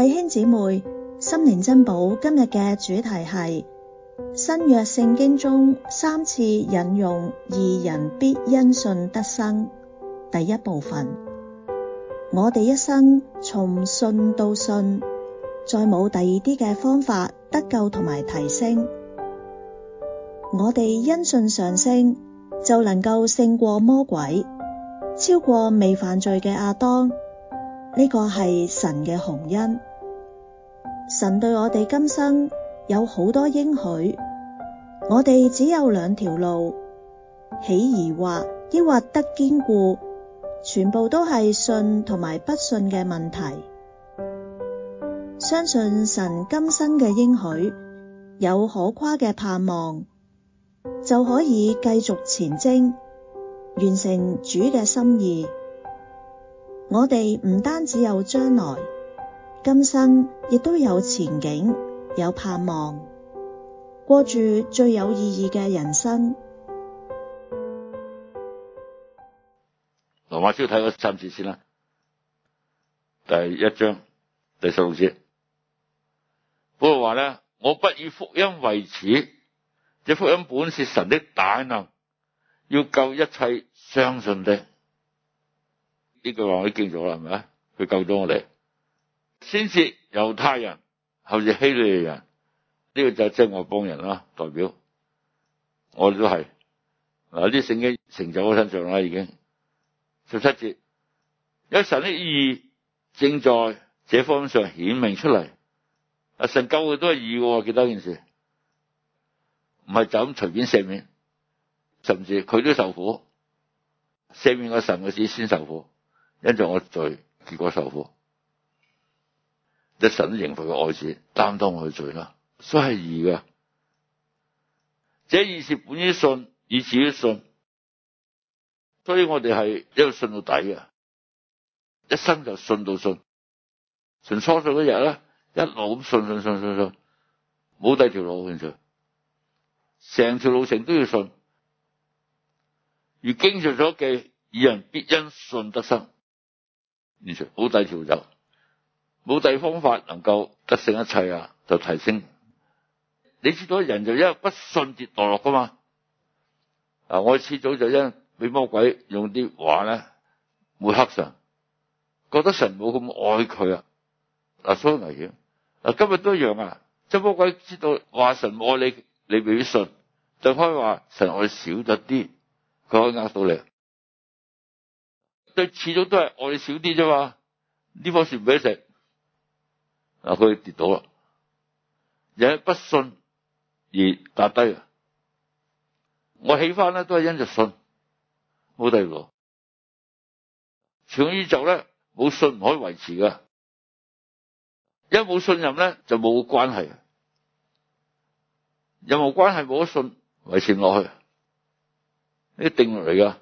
弟兄姊妹，心靈珍寶，今日嘅主題係新約聖經中三次引用義人必因信得生。第一部分，我哋一生從信到信，再冇第二啲嘅方法得救同埋提升。我哋因信上升，就能夠勝過魔鬼，超過未犯罪嘅亞當。呢、這個係神嘅宏恩。神對我哋今生有好多應許，我哋只有兩條路，起疑惑，抑或得堅固，全部都係信同埋不信嘅問題。相信神今生嘅應許有可誇嘅盼望，就可以繼續前進，完成主嘅心意。我哋唔單止有將來。今生亦都有前景，有盼望，過住最有意義嘅人生。羅馬書睇咗三次先啦，第一章第十六節。保羅話咧：我不以福音為恥，這福音本是神的大能，要救一切相信的。呢句話你叫咗啦，係咪？佢救咗我哋。先是猶太人，後是希利尼人，呢個就係正外邦人啦。代表我哋都係啊，啲聖經成就我身上啦。已經十七節，有神的義正在這方面上顯明出嚟。阿神救嘅都係義嘅，記得件事，唔係就咁隨便赦免，甚至佢都受苦，赦免個神嘅事，先受苦，因在我罪，結果受苦。一神都刑罰佢愛子擔當佢罪啦，所以係義嘅。這義是本於信，以致於信，所以我哋係一路信到底啊，一生就信到信，從初信嗰日咧，一路咁信信信信信，冇第二條路嘅。成條路程都要信，如經上所記，義人必因信得生。完全冇第二條路走。冇第方法能夠得勝一切啊！就提升。你知道人就因為不信跌墮落噶嘛？嗱，我始祖就因俾魔鬼用啲話咧，抹黑神，覺得神冇咁愛佢啊！嗱，所以危險。嗱，今日都一樣啊！即魔鬼知道話神愛你，你未必信。對開話神愛少咗啲，佢可以呃到你。對，始終都係愛少啲啫嘛。呢樖樹唔俾食。嗱，佢跌到啦，因為不信而跌低嘅。我起翻咧都係因着信，冇第二個。全宇宙咧冇信唔可以維持嘅，一冇信任咧就冇關係。任何關係冇得信維持落去，呢個定律嚟噶。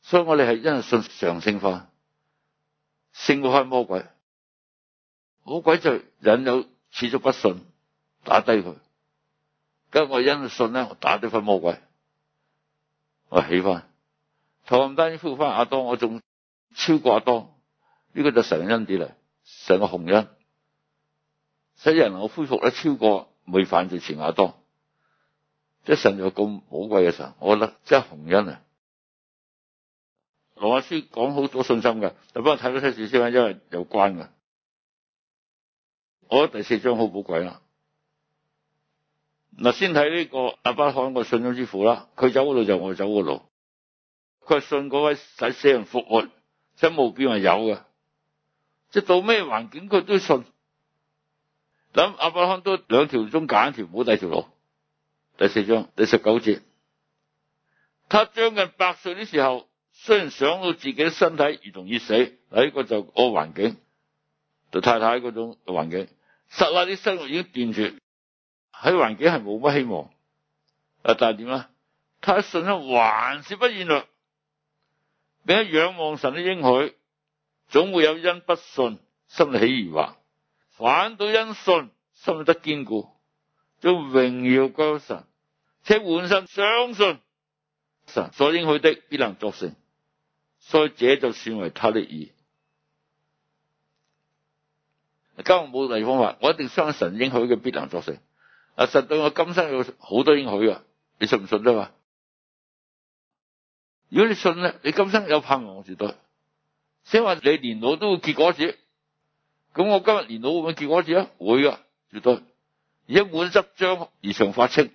所以我哋係因信常性化，勝過開魔鬼。魔鬼就引有始足不信，打低佢。跟住我因信咧，我打低份魔鬼，我起翻。唐丹恢復翻亞當，我仲超過亞當。呢、這個就神恩啲咧，神嘅鴻恩，使人我恢復得超過未犯罪前亞當。即係神有咁好貴嘅神，我覺得即係鴻恩啊。羅馬書講好多信心嘅，就幫我睇多些少少，因為有關嘅。我覺得第四章好寶貴啦。嗱，先睇呢個亞伯拉罕個信心之父啦，佢走嗰度就我走嗰路。佢係信嗰位使死人復活，即係目標係有嘅，即係到咩環境佢都信。咁亞伯拉罕都兩條中揀條，條，冇第二條路。第四章第十九節，他將近百歲嘅時候，雖然想到自己嘅身體如同已死，第、這、呢個就個環境，就是、太太嗰種環境。撒拉的生育已經斷絕，喺環境係冇乜希望。啊，但係點啊？他信心還是不軟弱，並且仰望神的應許，總會有因不信心裡起疑惑，反倒因信心裡得堅固，將榮耀歸給神，且滿心相信神所應許的必能作成，所以這就算為他的義。今日冇地方法，我一定相信神應許嘅必能作成。啊，神對我今生有好多應許啊！你信唔信啫嘛？如果你信咧，你今生有盼望絕對。即話你年老都會結果子，咁我今日年老會唔會結果子啊？會啊，絕對。一碗汁漿而常發青。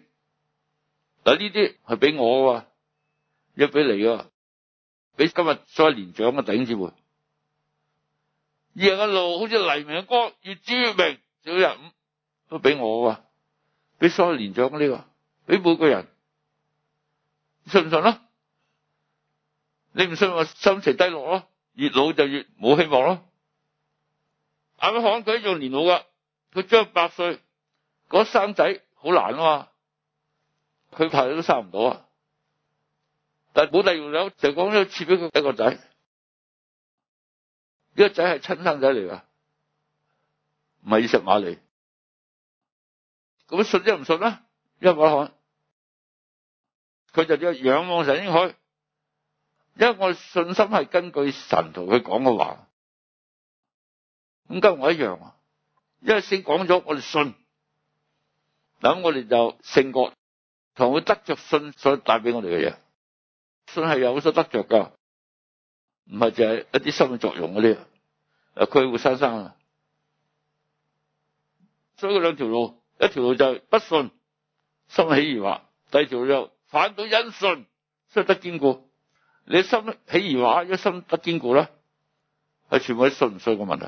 嗱，呢啲係俾我啊，一俾你啊，俾今日再年長嘅弟兄姊義人嘅路好似黎明嘅光，越照越明。做人都俾我啊，俾所有年長呢、這個，俾每個人，你信唔信？你唔信我心情低落咯，越老就越冇希望咯。亞伯拉罕佢仲年老噶，佢將百歲，嗰、那個、生仔好難啊嘛，佢怕都生唔到啊。但係冇第二樣，就講要賜俾佢第一個仔。呢個仔係親生仔嚟噶，唔係以實瑪利。咁信得唔信啦？因為我看佢就要仰望神應許，因為我信心係根據神同佢講嘅話。咁跟我一樣啊，因為先講咗我哋信，咁我哋就勝過同佢得着信，所以帶俾我哋嘅嘢，信係有所得着噶。唔係淨係一啲心理作用嗰啲啊，佢會生生啊，所以佢兩條路，一條路就係不信，心起疑惑；第二條路又反倒因信，所以得堅固。你心起疑惑，一心得堅固咧，係全部喺信唔信嘅問題。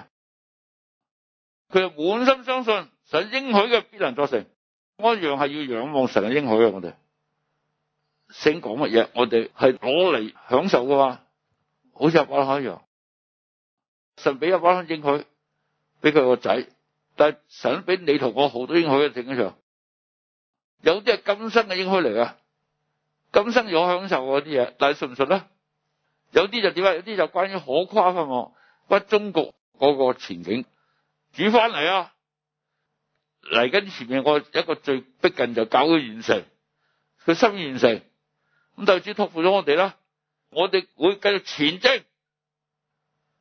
佢係滿心相信，神應許嘅必能做成。我一樣係要仰望神嘅應許啊！我哋想講乜嘢？我哋係攞嚟享受噶嘛？好似阿巴哈一樣，神俾阿巴哈應許，俾佢個仔。但係神俾你同我好多應許嘅，正經上，有啲係今生嘅應許嚟啊，今生有享受嗰啲嘢。但係信唔信咧？有啲就點啊？有啲就關於可跨夸我不中國嗰個前景，主翻嚟啊！嚟緊前面我一個最逼近就搞佢完成，佢心完成，咁就主托付咗我哋啦。我哋會繼續前進，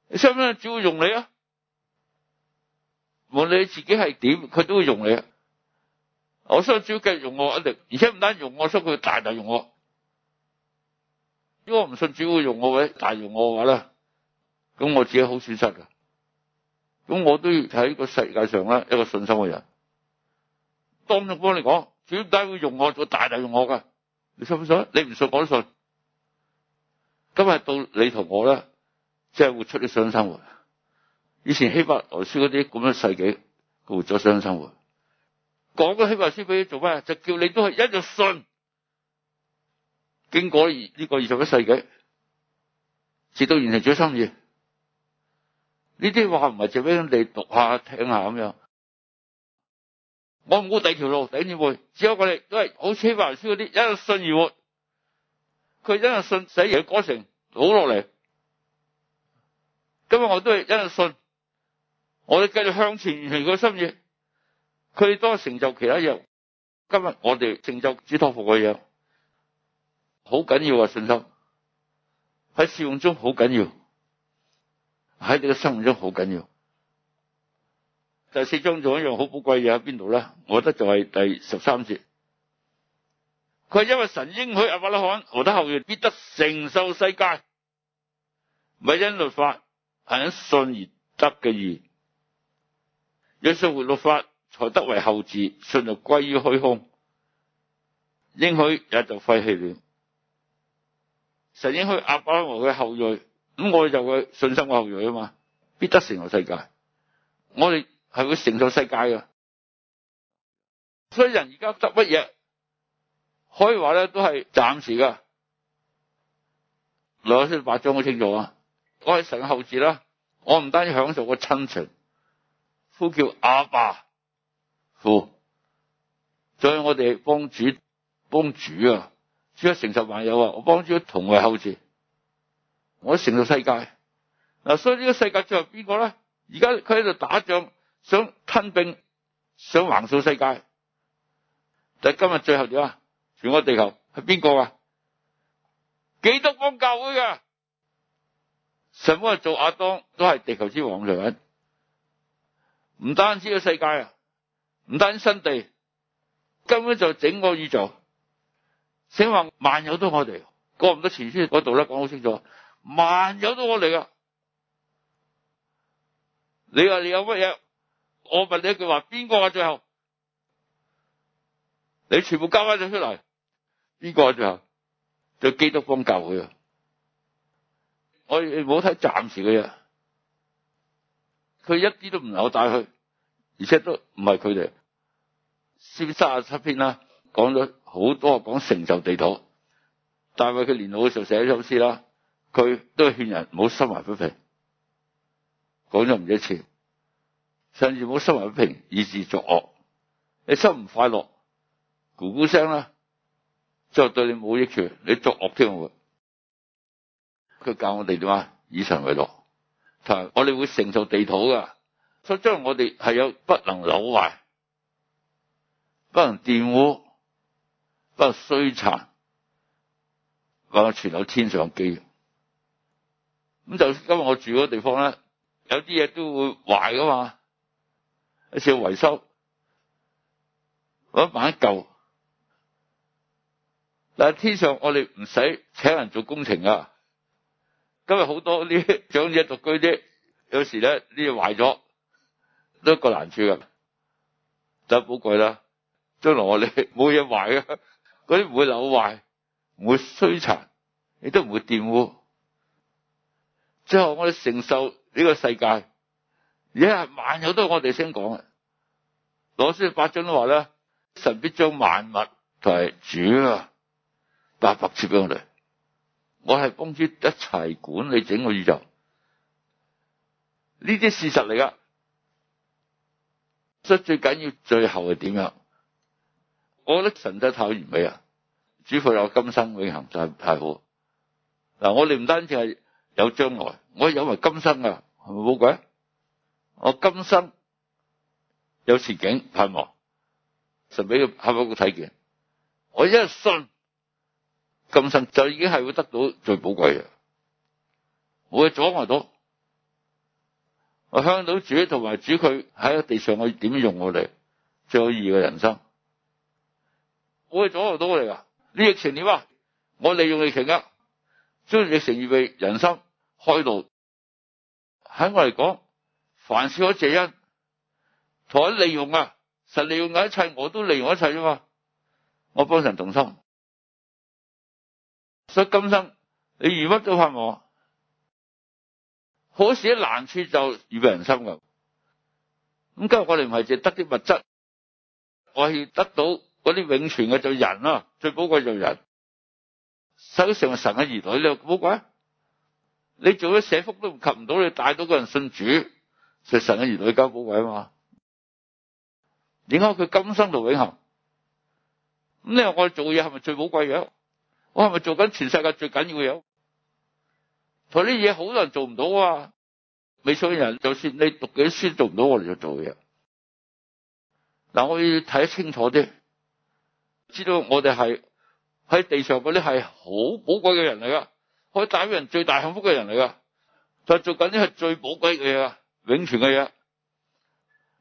你信唔信？主會用你啊！無論你自己係點，佢都會用你。我相信主要繼續用我，一定。而且唔單用我，相信佢大大用我。如果我唔信主會用我嘅，大大用我嘅話咧，咁我自己好損失噶。咁我都喺個世界上咧一個信心嘅人。當中幫你講，主點解會用我？會大大用我噶？你信唔信？你唔信我都信。今日到你同我咧，即係活出啲新生活。以前希伯來書嗰啲咁嘅世紀，活咗新生活。講個希伯來書俾你做咩？就叫你都係一樣信。經過呢個二十一世紀，直到完成咗心意。呢啲話唔係就俾你哋讀下聽下咁樣。我唔好第二條路頂住背，只有我哋都係好似希伯來書嗰啲，一樣信而活。佢一日信，寫完嘅過程好落嚟。今日我都係一日信，我哋繼續向前，完個心意。佢多成就其他嘢，今日我哋成就主托付嘅嘢，好緊要啊！信心喺試用中好緊要，喺你嘅生命中好緊要。第四章仲有一樣好寶貴嘅嘢喺邊度咧？我覺得就係第十三節。佢因為神應許亞伯拉罕，我得後裔必得承受世界，咪因律法係因信而得嘅義。若信活律法，才得為後嗣，信就歸於虛空，應許也就廢棄了。神應許亞伯拉罕嘅後裔，咁我哋就會信心嘅後裔啊嘛，必得承受世界。我哋係會承受世界嘅，所以人而家得乜嘢？可以話咧，都係暫時㗎。兩先生八章都清楚啊！我係神嘅後嗣啦，我唔單止享受個親情，呼叫阿爸、父，再我哋幫主、幫主啊！主要承受萬有啊，我幫主同為後嗣。我承受世界嗱。所以呢個世界最後邊個咧？而家佢喺度打仗，想吞並，想橫掃世界。但係今日最後點啊？整個地球係邊個啊？幾多幫教會噶？神麼係做亞當都係地球之王嚟嘅？唔單止個世界啊，唔單新地，根本就整個宇宙，請話萬有都我哋，過唔到前先嗰度咧？講好清楚，萬有都我哋啊！你話你有乜嘢？我問你一句話：邊個話最後，你全部交翻咗出嚟。呢個就對基督方教會啊！我哋唔好睇暫時嘅嘢。佢一啲都唔攞帶去，而且都唔係佢哋。先卅七篇啦，講咗好多講成就地土。但係佢年老嘅時候寫咗首詩啦，佢都勸人唔好心懷不平，講咗唔一次。甚至唔好心懷不平，以致作惡。你心唔快樂，咕咕聲啦～就對你冇益處，你作惡添喎！佢教我哋點啊？以神為樂，但我哋會承受地土噶，所以即係我哋係有不能扭壞，不能玷污，不能衰殘，能夠存有天上嘅基。咁就今日我住嗰地方咧，有啲嘢都會壞噶嘛，一次要維修，我一買舊。嗱，但天上我哋唔使請人做工程啊！今日好多呢長者獨居啲，有時咧呢嘢壞咗，都是一個難處嘅。就係好貴啦。將來我哋冇嘢壞啊。嗰啲唔會扭壞，唔會衰殘，亦都唔會玷污。最後我哋承受呢個世界，而家萬有都我哋先講啊！羅書八章都話咧，神必將萬物同係主啊！白白賜俾我哋，我係公司一齊管理整個宇宙，呢啲事實嚟噶。所以最緊要最後係點樣？我覺得神真太完美啊！主婦有今生永恒就係太好。嗱，我哋唔單止係有將來，我有埋今生噶，係咪冇鬼？我今生有前景盼望，神俾佢合一個睇見，我一信。今生就已經係會得到最寶貴嘅。我係阻，阻礙到我向到主，同埋主佢喺地上，我點用我哋最有意義嘅人生？我係阻礙到我哋噶。呢疫情點啊？我利用疫情噶，將疫情預備人生開路。喺我嚟講，凡事可借恩，同可利用啊，實利用緊一切，我都利用一切啫嘛。我幫神同心。所以今生你遇乜都怕我，可是，一難處就預備人心噶。咁今日我哋唔係淨得啲物質，我要得到嗰啲永存嘅做人啊。最寶貴就人。世界上神嘅兒女你咧寶貴，你做咗社福都不及唔到，你帶到個人信主，就是，神嘅兒女加寶貴啊嘛。點解佢今生就永恒？咁你話我哋做嘢係咪最寶貴嘅？我係咪做緊全世界最緊要嘅嘢？佢啲嘢好多人做唔到啊！未信嘅人，就算你讀幾多書，做唔到我哋就做嘅嘢。嗱，我要睇得清楚啲，知道我哋係喺地上嗰啲係好寶貴嘅人嚟噶，可以帶俾人最大幸福嘅人嚟噶，就做緊啲係最寶貴嘅嘢啊，永存嘅嘢，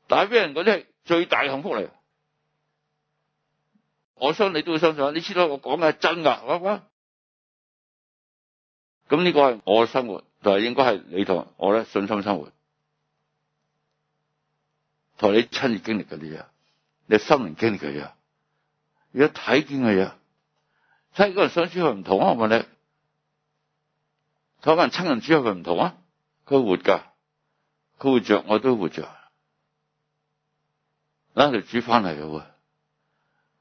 帶俾人嗰啲係最大幸福嚟。我相信你都會相信，你知道我講嘅係真㗎。喂，喂，咁呢個係我嘅生活，就係應該係你同我咧信心生活，同你親自經歷嘅啲嘢，你心靈經歷嘅嘢，如果睇見嘅嘢，睇個人相處佢唔同啊，我問你，人愛不不同睇問親人相處佢唔同啊，佢活㗎，佢活着我都活着，等就煮翻嚟嘅。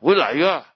會嚟㗎。